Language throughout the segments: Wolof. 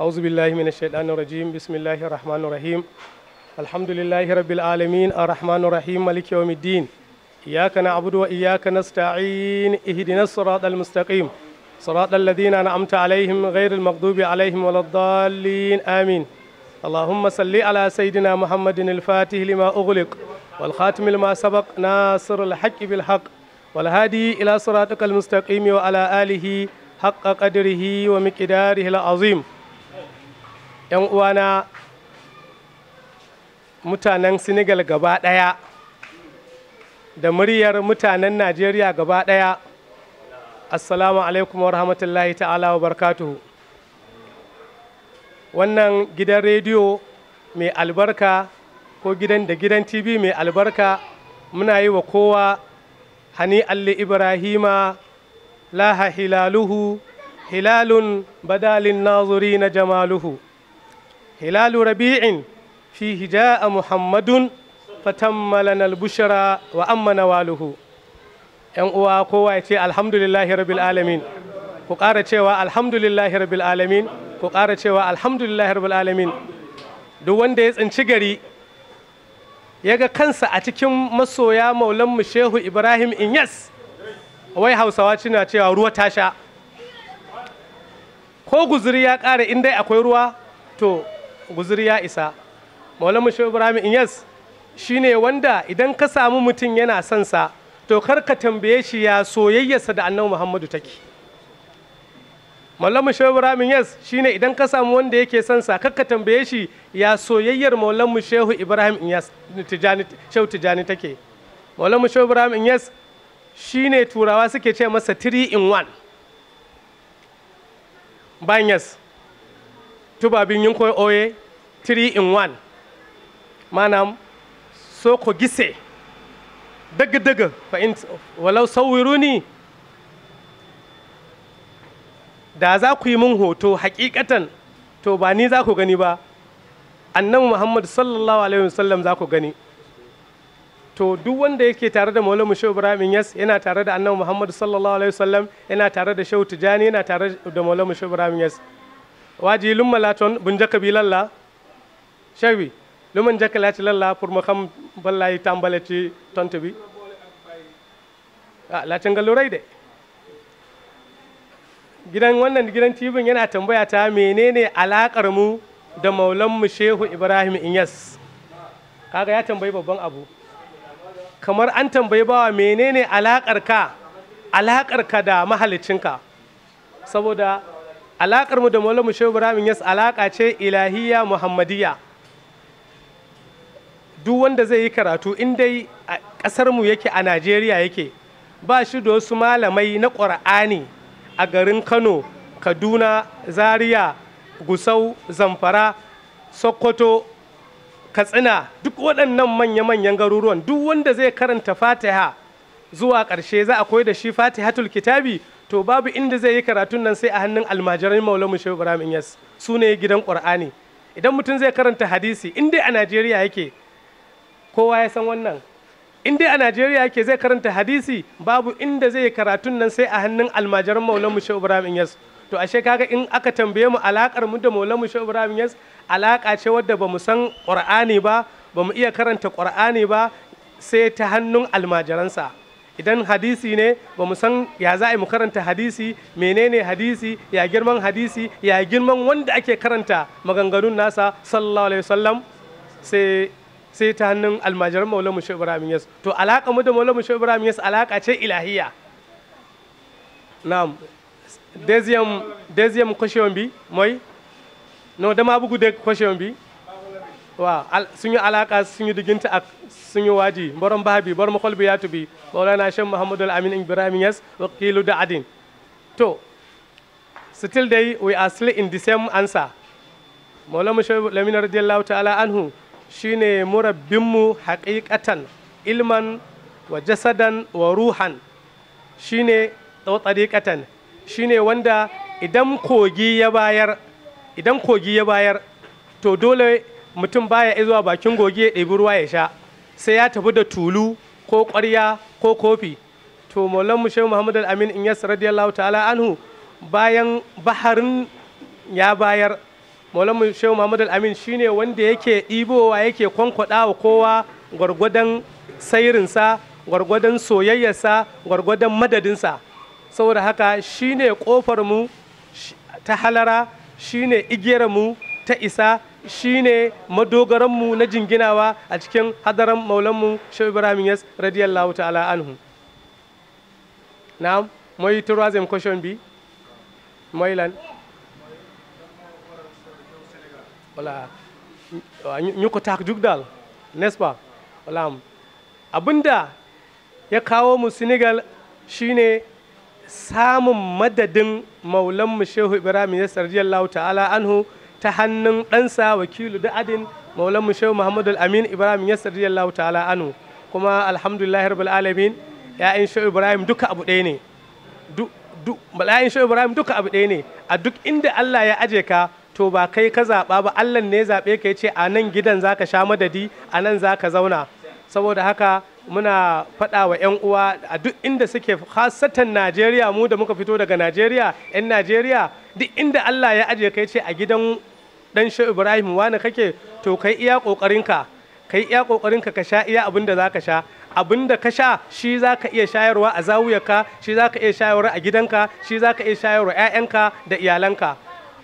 أعوذ بالله من الشيطان الرجيم بسم الله الرحمن الرحيم الحمد لله رب العالمين الرحمن الرحيم مالك يوم الدين إياك نعبد وإياك نستعين اهدنا الصراط المستقيم صراط الذين أنعمت عليهم غير المغضوب عليهم ولا الضالين آمين اللهم صل على سيدنا محمد الفاتح لما أغلق والخاتم لما سبق ناصر الحق بالحق والهادي إلى صراطك المستقيم وعلى آله حق قدره ومقداره العظيم 'yan uwana mutanen senegal gaba ɗaya da muryar mutanen najeriya gaba ɗaya assalamu alaikum wa ta'ala wa barkatuhu wannan gidan rediyo mai albarka ko gidan da gidan tv mai albarka muna yi wa kowa hani ibrahima laha hilaluhu hilalun badalin nazuri na jamaluhu hilaalu rabiin fiihi jaa muhammadun fa tamma lana wa amma nawaluhu yan kowa ya alhamdulillahi rabbil alamin ku ƙara cewa alhamdulillahi rabbil alamin duk wanda ya tsinci gari ya ga kansa a cikin masoya maulanmu shehu ibrahim inyas wai hausawa cina cewa ruwa sha ko guzuri ya ƙara in akwai ruwa guzuri ya isa maulama shi ibrahim inyas shine wanda idan ka samu mutum yana son to kar ka tambaye shi ya soyayyarsa da annabi muhammadu take maulama shi ibrahim inyas shine idan ka samu wanda yake son kar ka tambaye shi ya soyayyar maulama shehu shehu ibrahim inyas shine turawa suke ce masa 3 in 1 banyas tubabin yin koy oye three in one maanaam soo ko gisee dëgg-dëgg fa in walaw sawiru nii da za ku yi min hoto hakikatan to ba ni za ku gani ba annabi muhammad sallallahu alaihi wasallam za ku gani to duk wanda yake tare da maulana shehu ibrahim yas yana tare da annabi muhammad sallallahu alaihi wasallam yana tare da shehu tijani yana tare da maulana shehu ibrahim yas waji lumma laton bunja kabilan la cheikh bi lu ma njëkk laaj lan laa pour ma xam ban tàmbale ci tont bi ah laajte nga lu rëy gidan wannan gidan tibin yana tambaya ta menene alakar mu da maulan mu ibrahim inyas kaga ya tambayi babban abu kamar an tambayi bawa menene alakar ka alakar da mahalicinka saboda alakar mu da maulan mu ibrahim inyas alaka ce ilahiya muhammadiya duk wanda zai yi karatu in a ƙasarmu yake a najeriya yake ba shi da malamai na ƙur'ani a garin kano kaduna zaria gusau zamfara sokoto katsina duk waɗannan manya-manyan garuruwan duk wanda zai karanta fatiha zuwa ƙarshe za a koyar da shi fatihatul kitabi to babu inda zai yi karatun nan sai a hannun almajiran maulamu shehu ibrahim yas su ne gidan ƙur'ani idan mutum zai karanta hadisi in a najeriya yake kowa ya san wannan in dai a najeriya yake zai karanta hadisi babu inda zai karatun nan sai a hannun almajiran maulan mushe ibrahim yas to ashe kaga in aka tambaye mu alakar mu da maulan mushe ibrahim yas alaka ce wadda bamu san qur'ani ba bamu iya karanta qur'ani ba sai ta hannun almajiransa idan hadisi ne ba mu san ya za a mu karanta hadisi menene hadisi ya girman hadisi ya girman wanda ake karanta maganganun nasa sallallahu alaihi wasallam sai sai ta hannun almajiran maulana shehu ibrahim yas to alaƙa mu da maulana shehu ibrahim yas alaƙa ce ilahiya na'am deuxième deuxième question bi mooy non dama bëgg dégg question bi waaw al suñu alaƙa suñu diggante ak suñu waaji borom baax bi borom xol bi yaatu bi maulana shehu muhammadul amin ibrahim yas wakilu da adin to still day we are still in the same answer maulana shehu lamin radiyallahu ta'ala anhu shine murabbinmu haƙiƙatan ilman wa jasadan wa ruhan shine tsariƙatan shine wanda idan kogi ya bayar to dole mutum baya zuwa bakin gogi ya ɗebi ruwa ya sha sai ya tafi da tulu ko ƙwarya ko kofi to maulan mu shehu amin in yas radiyallahu ta'ala anhu bayan baharin ya bayar maulamu shehu muhammadu amin shine wanda yake ɗibowa yake kwankwada wa kowa gwargwadon sairinsa gwargwadon soyayyarsa gwargwadon madadinsa saboda haka shine kofar ta halara shine igiyar ta isa shine madogaran na jinginawa a cikin hadaran maulanmu shehu ibrahim yas radiyallahu ta'ala anhu na'am moy troisième question bi moy lan voilà ñu ko tax jug daal nest abinda ya kawo mu Sénégal shine samun madadin maulanmu Shehu Ibrahim ya radiyallahu ta'ala anhu ta hannun ɗansa wakilu da adin maulanmu Shehu Muhammadu Amin Ibrahim ya radiyallahu ta'ala anhu kuma alhamdulillahi rabbil alamin ya'in Shehu Ibrahim duka abu ɗaya ne duk duk ya'in Shehu Ibrahim duka abu ɗaya a duk inda Allah ya aje to ba kai ka zaɓa ba allah ne zaɓe ka ce a nan gidan za ka sha madadi a nan za ka zauna saboda haka muna faɗa wa 'yan duk inda suke hasatan najeriya mu da muka fito daga najeriya 'yan najeriya duk inda allah ya aje kai ce a gidan dan ibrahim wani kake to kai iya ƙoƙarinka kai iya ƙoƙarinka ka sha iya abin da za ka sha abin da ka sha shi za ka iya shayarwa a zawuyarka shi za ka iya shayarwa 'ya'yanka da iyalanka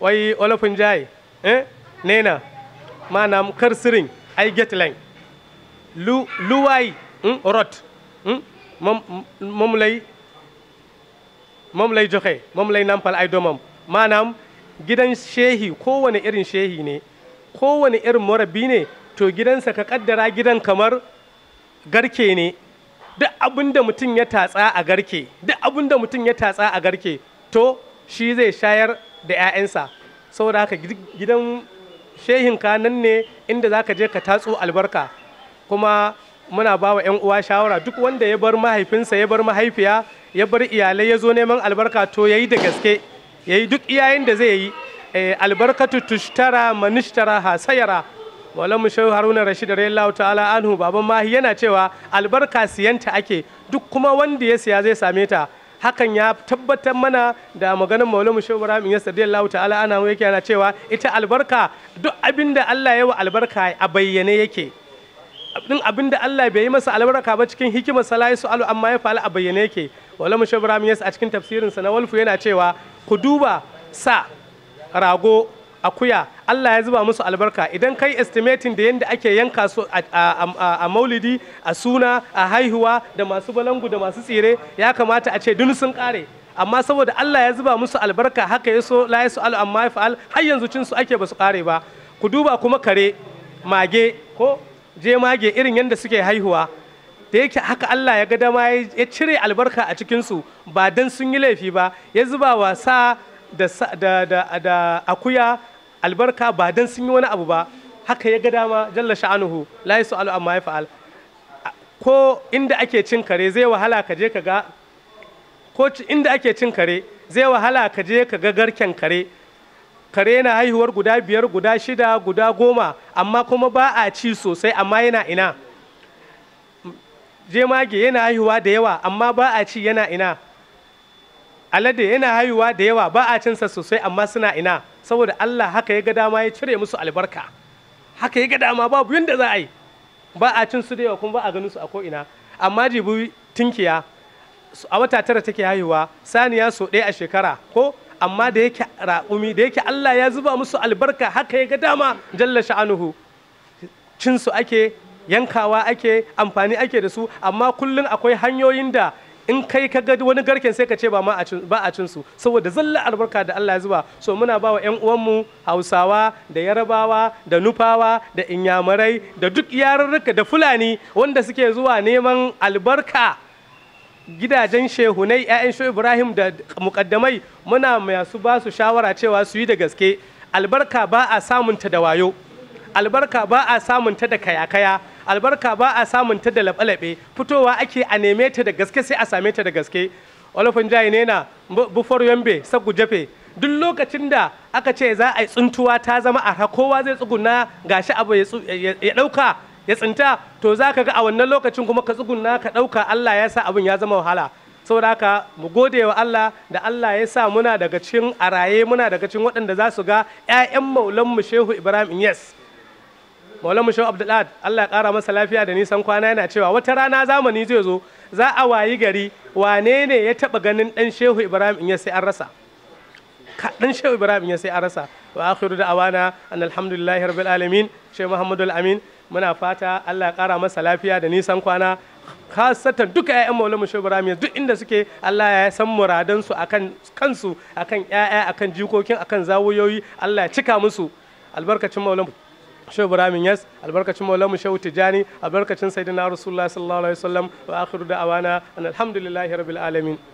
way olofu njaay eh? nee na maanaam kër sëriñ ay gétt lañ lu lu waay hmm, rot hmm, moom moom lay moom lay joxe moom lay nampal ay doomam maanaam gidan shehi kowane irin shehi ne kowane irin morabi ne to gidansa ka kaddara gidan kamar garke ne duk abin da mutum ya tatsa a garke duk abin da mutum ya tatsa a garke to shi zai shayar da 'ya'yansa saboda haka gidan shehinka nan ne inda za je ka tatso albarka kuma muna ba wa shawara duk wanda ya bar mahaifinsa ya bar mahaifiya ya bar iyalai ya zo neman albarka to ya da gaske ya duk iyayen da zai yi eh, albarkatu tushtara manishtara hasayara malamu shehu haruna rashid radiyallahu ta'ala anhu baban mahi yana cewa albarka siyanta ake duk kuma wanda ya siya zai same hakan ya tabbatar mana da maganar maulamu shehu ibrahim ya radiyallahu ta'ala ana yake yana cewa ita albarka duk abinda Allah ya wa albarka a bayyane yake din abinda Allah bai yi masa albarka ba cikin hikimar salayi su alu amma ya fa'ala a bayyane yake maulamu shehu ibrahim ya a cikin tafsirin sa na walfu yana cewa ku duba sa rago akuya Allah ya zuba musu albarka idan kai estimating da yadda ake yanka su a maulidi a suna a haihuwa da masu balangu da masu tsire ya kamata a ce kare amma saboda Allah ya zuba musu albarka haka ya so la yasu fa'al har yanzu cin ake basu kare ba ku duba kuma kare mage ko je mage irin yadda suke haihuwa da yake haka Allah ya ga dama ya cire albarka a cikinsu ba dan sun laifi ba ya zuba wasa da akuya albarka ba dan sun yi wani abu ba haka ya ga dama jalla sha'anuhu la yas'alu amma yaf'al ko inda ake ko inda ake cin kare zai wahala ka ka ga garken kare kare na haihuwar guda biyar guda shida guda goma amma kuma ba a ci sosai amma yana ina jemage yana haihuwa da yawa amma ba a ci yana ina alade yana haihuwa da yawa ba a cinsa sosai amma suna ina saboda Allah haka ya ga dama ya cire musu albarka haka ya ga dama babu yanda za a ba a cin da yawa kuma ba a ganin a ko ina amma jibi tinkiya a tara take haihuwa saniya so ɗaya a shekara ko amma da yake raƙumi da yake Allah ya zuba musu albarka haka ya ga dama jalla sha'anuhu cin su ake yankawa ake amfani ake da amma kullum akwai hanyoyin da in kai ka ga wani garken sai ka ce ba a cin saboda zalla albarka da Allah ya zuba so muna bawa yan uwanmu Hausawa da Yarabawa da Nufawa da Inyamurai da duk yarurruka da Fulani wanda suke zuwa neman albarka gidajen shehunai 'ya'yan shehu Ibrahim da mukaddamai muna masu ba su shawara cewa su da gaske albarka ba a samunta da wayo albarka ba a samunta da kayakaya albarka ba a samun da laɓe-laɓe fitowa ake a neme da gaske sai a same da gaske olafin jayi ne na bufor yombe sagu jafe duk lokacin da aka ce za a yi ta zama a kowa zai tsinta to za ga a wannan lokacin kuma ka tsuguna ka ɗauka allah ya sa abin ya zama wahala saboda haka mu gode Allah da Allah ya sa muna daga cikin araye muna daga cikin waɗanda za ga 'ya'yan maulan mu Shehu Ibrahim Yes maulama shehu abdulad allah ƙara masa lafiya da nisan kwana yana cewa wata rana zamani zai za a wayi gari wane ne ya taɓa ganin ɗan shehu ibrahim in sai an rasa kaɗan akhiru da awana an alhamdulillahi rabbil alamin shehu muhammadu amin muna fata allah ya ƙara masa lafiya da nisan kwana kasatan duka 'ya'yan maulama shehu ibrahim duk inda suke allah ya san muradansu akan kansu akan 'ya'ya akan jikokin akan zawuyoyi allah ya cika musu shehu ibrahim yas albarkacin maulamu shehu tijani albarkacin sayyidina rasulullah sallallahu alaihi wasallam wa akhiru da'awana alhamdulillahi rabbil alamin